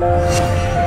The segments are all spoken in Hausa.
Thank you.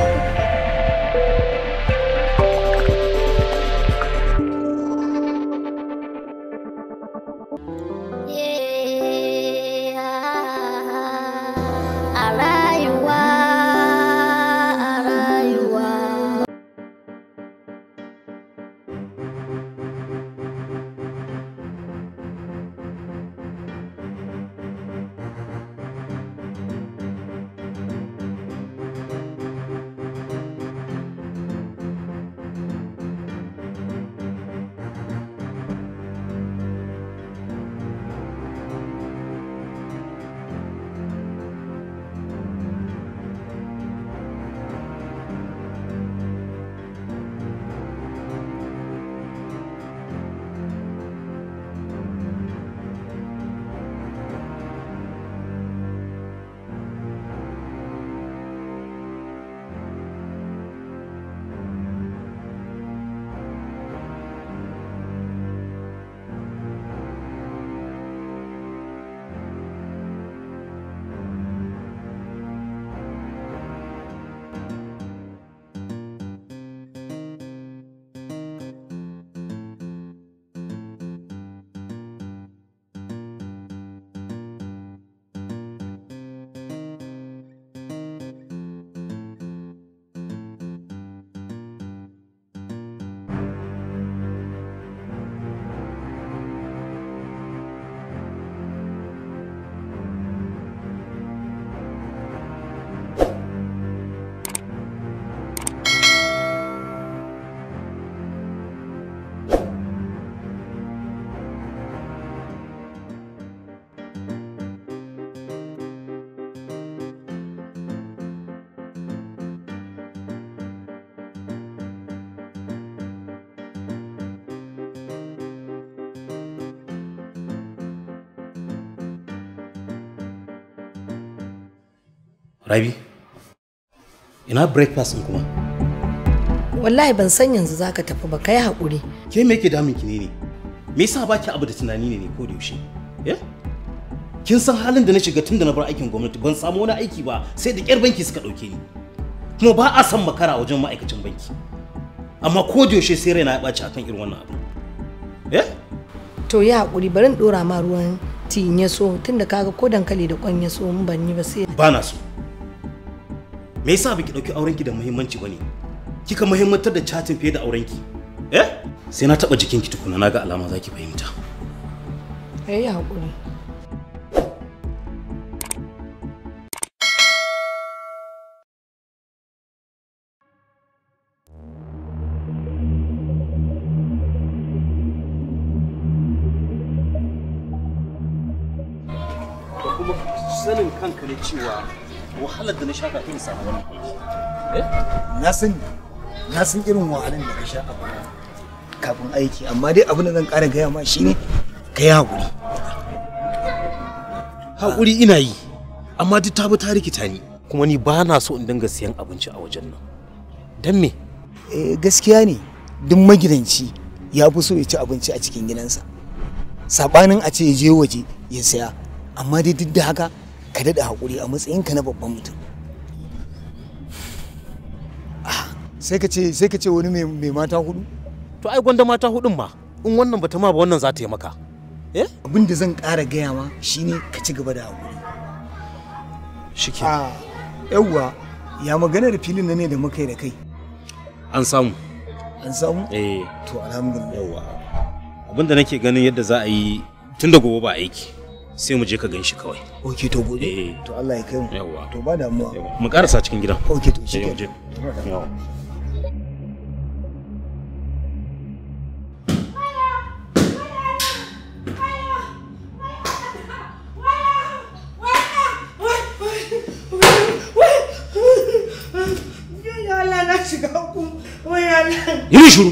Rabi, ina breakfast in kuma? Wallahi ban san yanzu za ka tafi ba, ka yi haƙuri. Ke me yake damun ki ne ne? Me yasa ba ki abu da tunani ne ne ko da yaushe? Eh? Kin san halin da na shiga tun da na bar aikin gwamnati ban samu wani aiki ba sai da ƙyar banki suka ɗauke ni. Kuma ba a san makara wajen ma'aikacin banki. Amma ko da yaushe sai raina ya ɓaci akan irin wannan abu. Eh? To ya hakuri bari in ɗora ma ruwan tin ya so tunda kaga ko dankali da kwan ya so mun ban yi ba sai. Ba na so. me yasa baki dauki aurenki da muhimmanci bane kika muhimmantar da chatin fiye da aurenki eh sai na taba k'i tukuna naga alama zaki fahimta ya hakuri sanin kanka ne cewa wahalar da na sha kafin samu wannan eh? na san na san irin wahalar da ka sha a kafin aiki amma dai abin da zan kara gaya ma shine ka yi haƙuri haƙuri ina yi amma duk ta bi ta rikita ni kuma ni ba na so in dinga siyan abinci a wajen nan don me eh, gaskiya ne duk magidanci ya fi so ya ci abinci a cikin gidansa saɓanin a ce ya je waje ya saya amma dai duk da haka ka daɗa haƙuri a matsayinka na babban mutum ah, sai ka ce sai ka ce wani mai mata hudu to ai gwanda mata hudun ma in wannan bata ma ba wannan za ta yi maka eh abin da zan ƙara gaya ma shine ka ci gaba da haƙuri shike ah, yawwa ya maganar filin na ne da muka yi da kai an samu an samu eh to alhamdulillah yawwa abin da nake ganin yadda za a yi tun da gobe ba aiki sai mu je ka ganshi kawai ok to gobe eh. to Allah ya kai mu yawa to ba damuwa mu karasa cikin gidan ok to shi ke yawa Yürü şunu.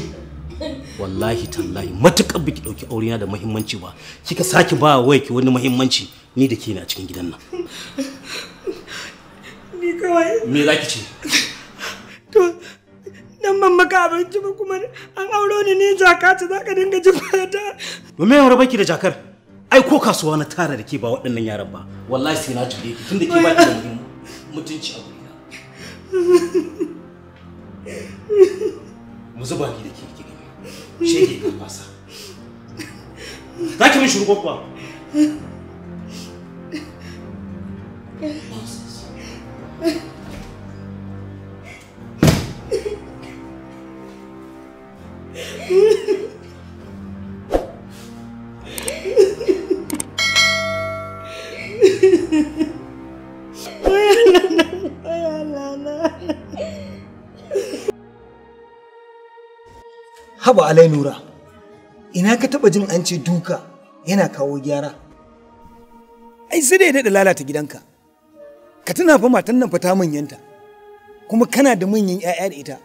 wallahi tallahi matukar biki dauki aurena da muhimmanci ba kika saki ba wai ki wani muhimmanci ni da ke na cikin gidan nan ni kawai me zaki ce to dan ban maka abinci ba kuma an auro ni ne jaka ta zaka dinga jin fata to me yamar baki da jakar ai ko kasuwa na tara da ke ba waɗannan yaran ba wallahi sai na tule ki tunda ke ba ki da mutunci a gurina mu zuba ni da ke shege ɗan wasa za ki min shiru ko kuwa haba alai nura ina ka taba jin an ce duka yana kawo gyara ai sai dai da lalata gidanka ka tuna fa matan nan fata manyanta kuma kana da manyan 'ya'ya da ita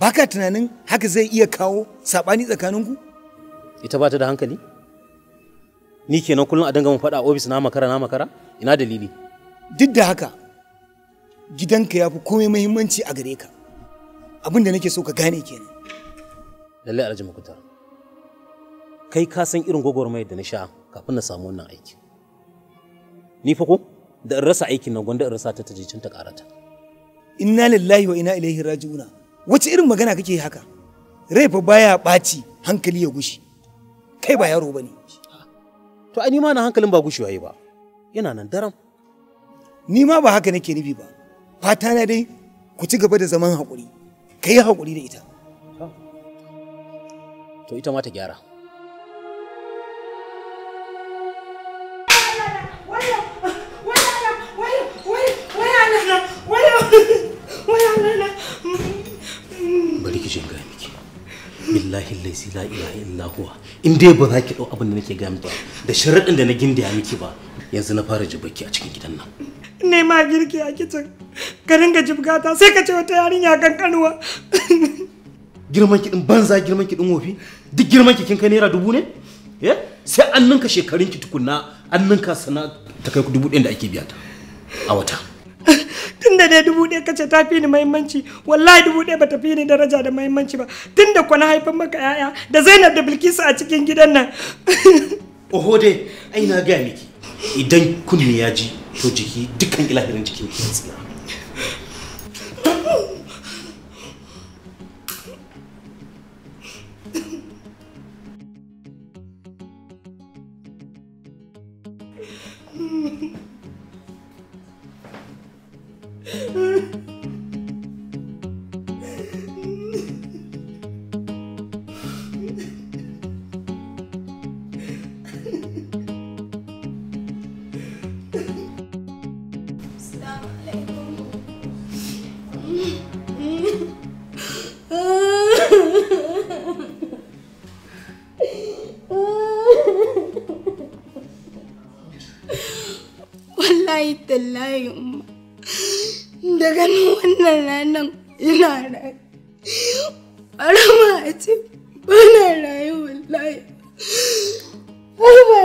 baka tunanin haka zai iya kawo sabani tsakaninku ita ba ta da hankali ni kenan kullum a danga mun faɗa ofis na makara na makara ina dalili duk da haka gidanka ya fi komai muhimmanci a gare ka abin da nake so ka gane kenan lallai alhaji mukutar kai ka san irin gwagwarmayar da na sha kafin na samu wannan aiki ni fa ko da in rasa aikin nan gwanda in rasa ta tajicin ta karata inna lillahi wa inna ilaihi raji'una wace irin magana kake haka rai fa baya baci hankali ya gushi kai ba yaro bane to ai ma na hankalin ba gushi waye ba yana nan daram ni ma ba haka nake nufi ba fata na dai ku ci gaba da zaman hakuri ka yi haƙuri da ita to ita ma ta gyara bari ki shiga miki billahi laisi la ilaha illa huwa in dai ba za ki dau abin da nake ga miki da sharadin da na gindaya miki ba yanzu na fara jibaki a cikin gidan nan ne ma girki a kicin ka ringa ta sai ka ce wata yarinya kankanuwa girman ki din banza girman ki din wofi duk girman ki kin kai naira dubu ne eh sai an ninka shekarun ki tukunna an ninka sana ta kai dubu ɗin da ake biya ta a wata tunda dai dubu ɗaya kace ta fi ni muhimmanci wallahi dubu ɗaya bata fi ni daraja da muhimmanci ba tunda kwana na haifan maka yaya da Zainab da Bilkisu a cikin gidan nan oho dai ai na ga miki idan kunni ya ji to jiki dukkan ilahirin jikin ki Ay.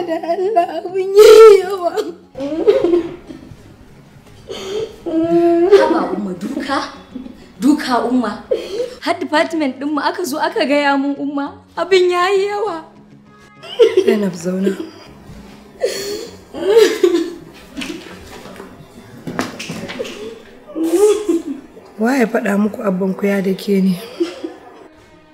da Allah abin yi yawa. Haba umma duka? Duka umma? Har department ɗinmu aka zo aka gaya mun umma abin ya yi yawa. Zainab zauna. Wa ya faɗa muku abban ku ya da ke ne?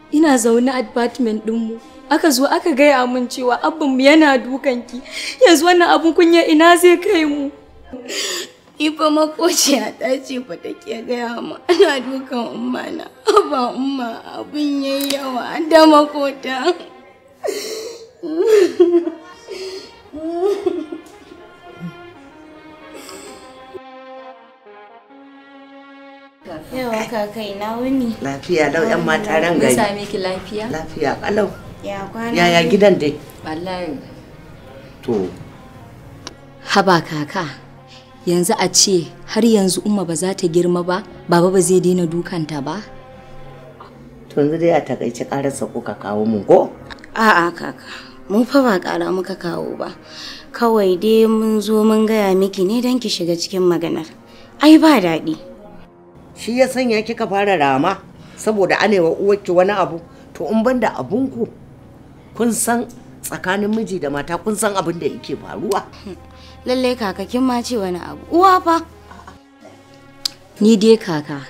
Ina zaune a department ɗinmu. aka zo aka gaya min cewa abin yana dukanki yanzu wannan abin kunya ina zai kai mu Ifa makociya ta ce fa ke gaya ma ana dukan umma na ba umma abin yi yawa da makota Yawa kakai na wuni. Lafiya lau 'yan mata ran gari. Mun sami ki lafiya? Lafiya kalau. yaya gidan dai wallahi to haba kaka yanzu a ce har yanzu umma ba za ta girma ba baba ba zai daina dukanta ba to yanzu dai a takaice karasa ka kawo mu ko a'a kaka mu fa ba kara muka kawo ba kawai dai mun zo mun gaya miki ne don ki shiga cikin maganar ai ba daɗi shi ya sanya kika fara rama saboda anewa uwarki wani abu to in banda abunku kun san tsakanin miji da mata kun san abin da yake faruwa lalle kaka kin ma ce wani abu uwa fa ni dai kaka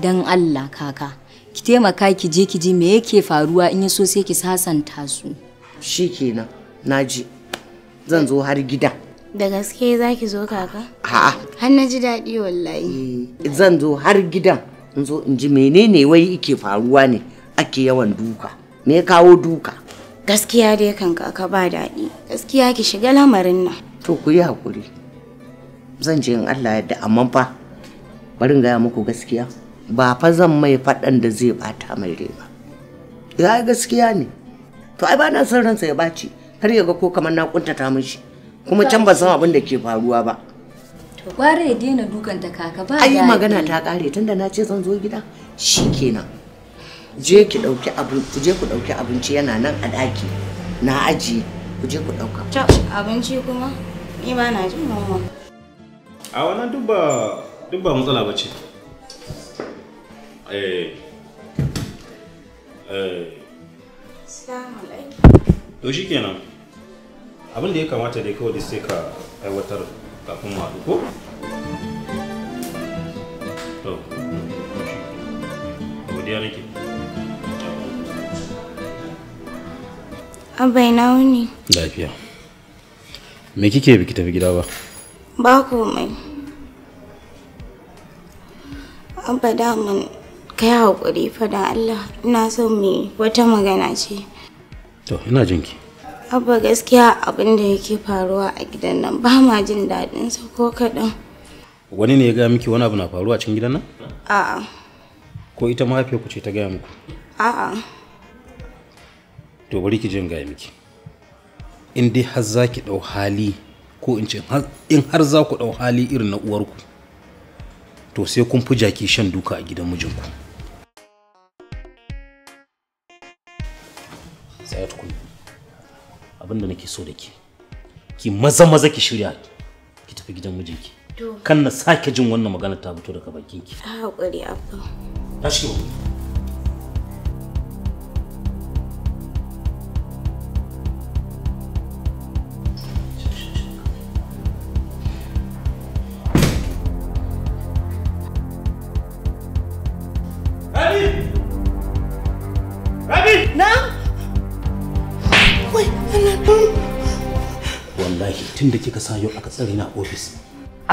dan Allah kaka ki taimaka ki je ki ji me yake faruwa in yaso sai ki sasanta su shikenan naji zan zo har gida da gaske za ki zo kaka a'a har na ji daɗi wallahi eh, zan zo har gidan in zo in ji menene wai yake faruwa ne ake yawan duka me kawo duka gaskiya dai kan ka ba daɗi gaskiya ki shiga lamarin nan to ku yi hakuri zan je in Allah yadda amma fa bari gaya muku gaskiya ba fa zan mai faɗan da zai bata mai rai ba ya gaskiya ne to ai ba na son ransa ya baci har ya ga ko kamar na kuntata mishi kuma can ba san abin da ke faruwa ba gwara ya daina dukan ta kaka ba ai magana ta kare tunda na ce zan zo gida shikenan je ki dauki abin ku je ku dauki abinci yana nan a daki na aji ku je ku dauka to abinci kuma ni ba na jin mama a wannan dubba-dubba matsala bace eh eh assalamu alaikum to shikenan abin da ya kamata dai kawai sai ka aiwatar kafin mu haɗu ko to godiya nake Abai na wuni. Lafiya. Me kike biki tafi gida ba? Ba komai. Abba mun kai haƙuri fa da Allah ina son me wata magana ce. To ina ki. Abba gaskiya abin da yake faruwa a gidan nan ba ma jin daɗin sa ko kaɗan. Wani ne ya gaya miki wani abu na faruwa cikin gidan nan? A'a. Ko ita ku ce ta gaya muku? A'a. to bari ki jin gaya miki in dai har za ki ɗau hali ko in ce in har za ku ɗau hali irin na uwarku to sai kun fi jaki shan duka a gidan mijinku tsaya abinda nake so da ke ki maza maza ki shirya ki tafi gidan mijinki kan na sake jin wannan magana ta fito daga bakinki a hakuri abba tashi ki tun da kika sa yau aka tsare na ofis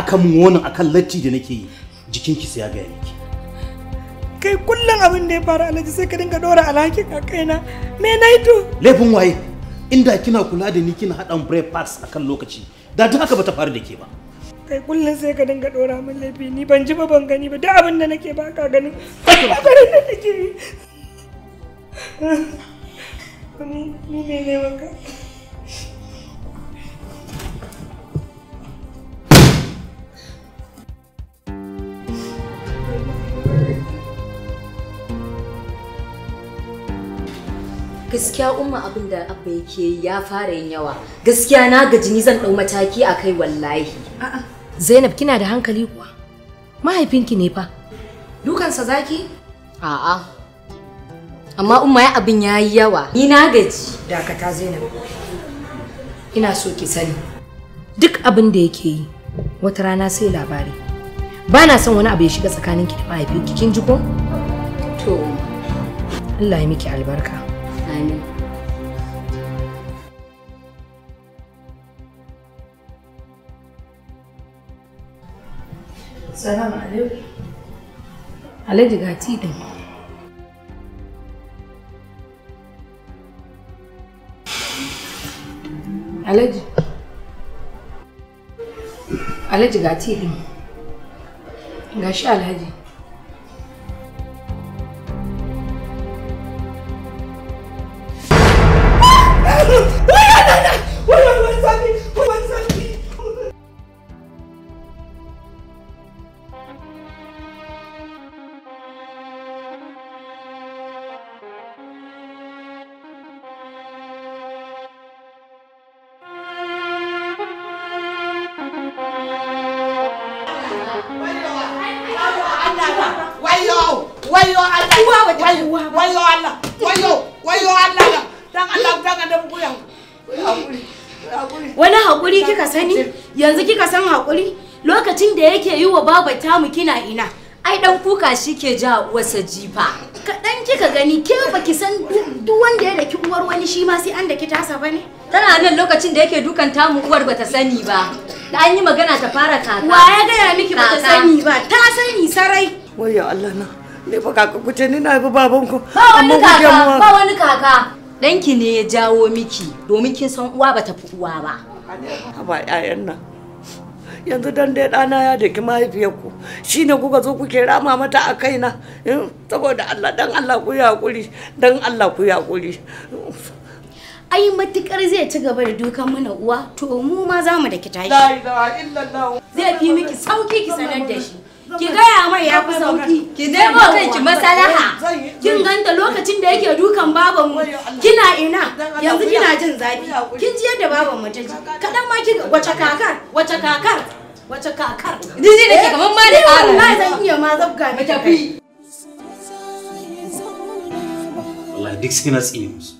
aka mun wani akan latti da nake yi ki sai ya gaya kai kullum abin da ya faru alhaji sai ka dinga dora Alhaki a kaina me na yi to laifin waye inda kina kula da ni kina hada haɗan breakfast akan lokaci da duk haka bata faru da ke ba kai kullum sai ka dinga dora min laifi ni ban ji ba ban gani ba duk abin da nake ba ka da nake yi ni ne ne maka gaskiya umma abin da abba yake ya fara yin yawa gaskiya na gaji ni zan dau mataki a kai wallahi a'a zainab kina da hankali kuwa mahaifinki ne fa dukansa zaki a'a amma umma ya abin ya yi yawa ni na gaji dakata zainab ina so ki sani duk abin da yake yi wata rana sai labari ba na son wani abu ya shiga tsakaninki da mahaifinki kin ji ko to Allah ya miki albarka Amin. Salamu alaikum. Alhaji ga tidin. Alhaji. Alhaji ga tidin. Ga shi Alhaji. wani hakuri kika sani yanzu kika san hakuri? lokacin da yake yi wa baba tamu kina ina ai dan kuka shi ke ja wasa jifa kaɗan kika gani ke ki san duk wanda ya daki uwar wani shi ma sai an daki tasa ba ne tana nan lokacin da yake dukan tamu uwar bata sani ba da an yi magana ta fara kaka wa ya gaya miki bata sani ba ta sani sarai wayyo Allah na ne fa kaka ku ni na bi baban ku amma ku ba wani kaka danki ne ya jawo miki domin kin san uwa bata fi uwa ba haba ƴaƴan nan yanzu dan dai ɗana ya daki mahaifiyarku shi ne kuka zo kuke rama mata a kaina hmm, saboda Allah dan Allah ku yaƙuri dan Allah ku yaƙuri ai matukar zai ci gaba da dukan mana uwa to mu ma za mu da ki tashi zai fi miki sauki ki sanar da shi ki gaya mai ya fi sauki ki nemo kanki masalaha kin ganta lokacin da yake dukan baban mu kina ina yanzu kina jin zafi kin ji yadda baban mu ta ji kadan ma ki wace kakar wace kakar wace kakar ni ne nake kaman ma da eh, ara wallahi zan iya ma zabga miki tafi wallahi duk sai na tsine musu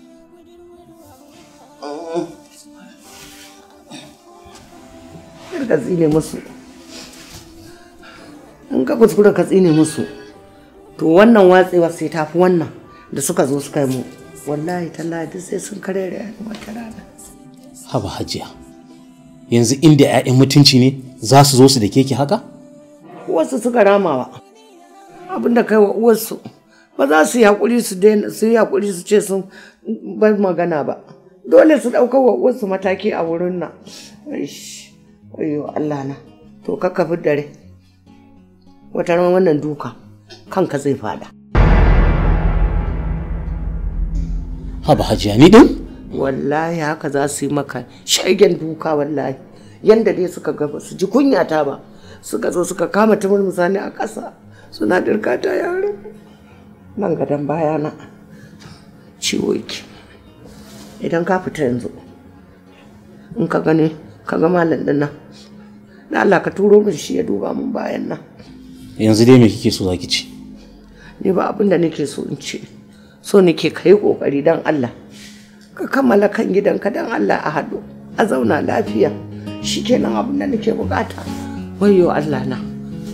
Ka tsine musu. ka kuskura ka tsine musu to wannan watsewa sai ta fi wannan da suka zo suka yi mu wallahi tallahi duk sai sun kare da yayin wata rana haba hajiya yanzu inda 'ya'yan mutunci ne za su zo su da keke haka uwarsu suka ramawa abin da kai wa uwarsu ba za su yi haƙuri su daina su yi hakuri su ce sun bar magana ba dole su ɗaukar wa uwarsu mataki a wurin nan ayyo Allah na to kakka fi dare wata ran wannan duka kanka zai fada haba hajiya ni din wallahi haka za su yi maka shagen duka wallahi yanda dai suka ga su ji kunya ta ba suka zo suka kama tumur musani a ƙasa suna dirka ta yaro nan gadon baya na ciwo yake idan ka fita yanzu in ka gane ka ga malam din nan Allah ka turo min shi ya duba mun bayan nan yanzu dai me kike so za ki ci ni ba abin da nake so in ce so nake kai kokari dan Allah ka kammala kan gidanka dan Allah a haɗu a zauna lafiya shikenan abin da nake bukata wayo Allah na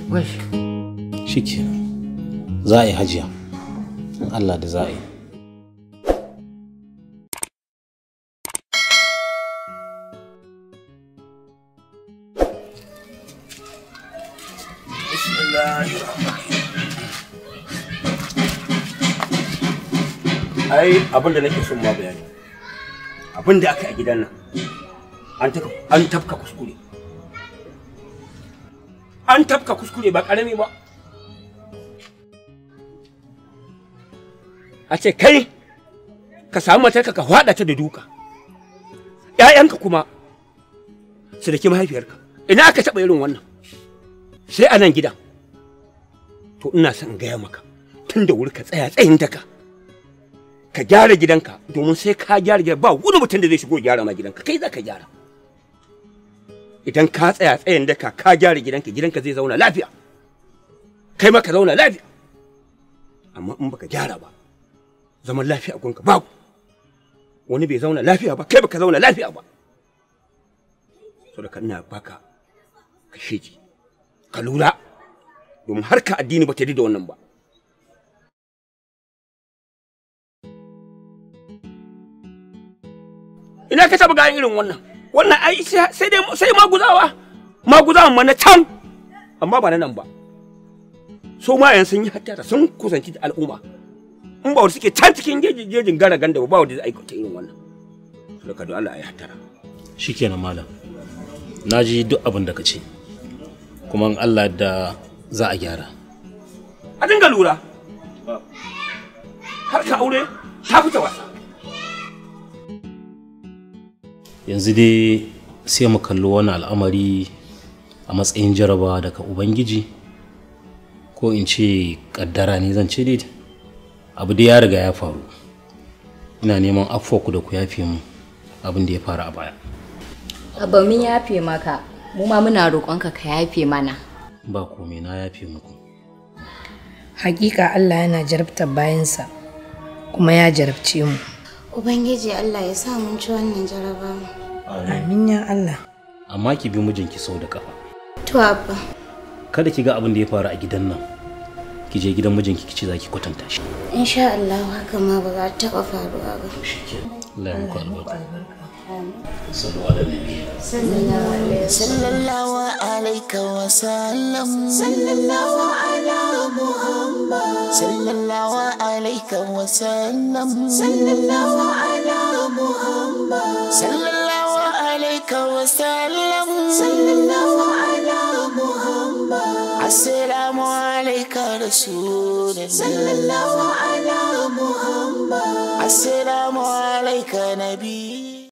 wai shikenan za a yi hajiya Allah da za a yi abin da nake son ma bayani abin da aka yi gidan nan an tafka kuskure an tafka kuskure ba karami ba a ce kai ka samu matarka ka hwada ta da duka ‘ya'yanka kuma su da mahaifiyarka ina aka taɓa irin wannan sai a nan gidan to ina son gaya maka tun da wuri ka tsaya tsayin daka ka gyara gidanka domin sai ka gyara gidan ba wani mutum da zai shigo gyara ma gidanka kai za ka gyara idan ka tsaya tsayin daka ka gyara gidanka gidanka zai zauna lafiya kai ma ka zauna lafiya amma in baka gyara ba zaman lafiya gunka ba wani bai zauna lafiya ba kai baka zauna lafiya ba saboda ina baka ka sheji ka lura domin harka addini ba ta da wannan ba ina ka taba gayan irin wannan wannan ai sai dai sai ma guzawa ma na can amma ba na nan ba so ma yan sun yi hatta sun kusanci al'umma in ba wani suke can cikin jejin gara ganda ba ba wanda zai aikata irin wannan saboda don Allah ya hatta shikenan malam naji duk abin da ka ce kuma in Allah da za a gyara a dinga lura harka aure ta fita wasa yanzu dai sai mu kallo wani al'amari a matsayin jaraba daga ubangiji ko in ce kaddara ne zan ce dai abu da ya riga ya faru ina neman afoku da ku yafe mu abin da ya faru a baya abu mun yafe maka mu ma muna roƙonka ka yafe mana ba komai na yafe muku hakika Allah yana jarabtar bayansa kuma ya jarabce mu Ubangiji Allah ya sa mun ci wannan jaraba Amin ya Allah. Amma ki bi mijinki sau da kafa. To abba. Kada ki ga abin da ya faru a gidan nan. Ki je gidan mijinki ki ce za ki kwatanta shi. Insha Allah haka ma ba za ta taɓa faruwa ba. Allah ya muku albarka. Sallallahu alaihi wa sallam. Sallallahu alaihi wa sallam. Muhammad sallallahu alayka wa sallam sallallahu ala Muhammad sallallahu alayka wa sallam sallallahu ala Muhammad assalamu alayka rasulullah sallallahu ala Muhammad assalamu alayka nabiy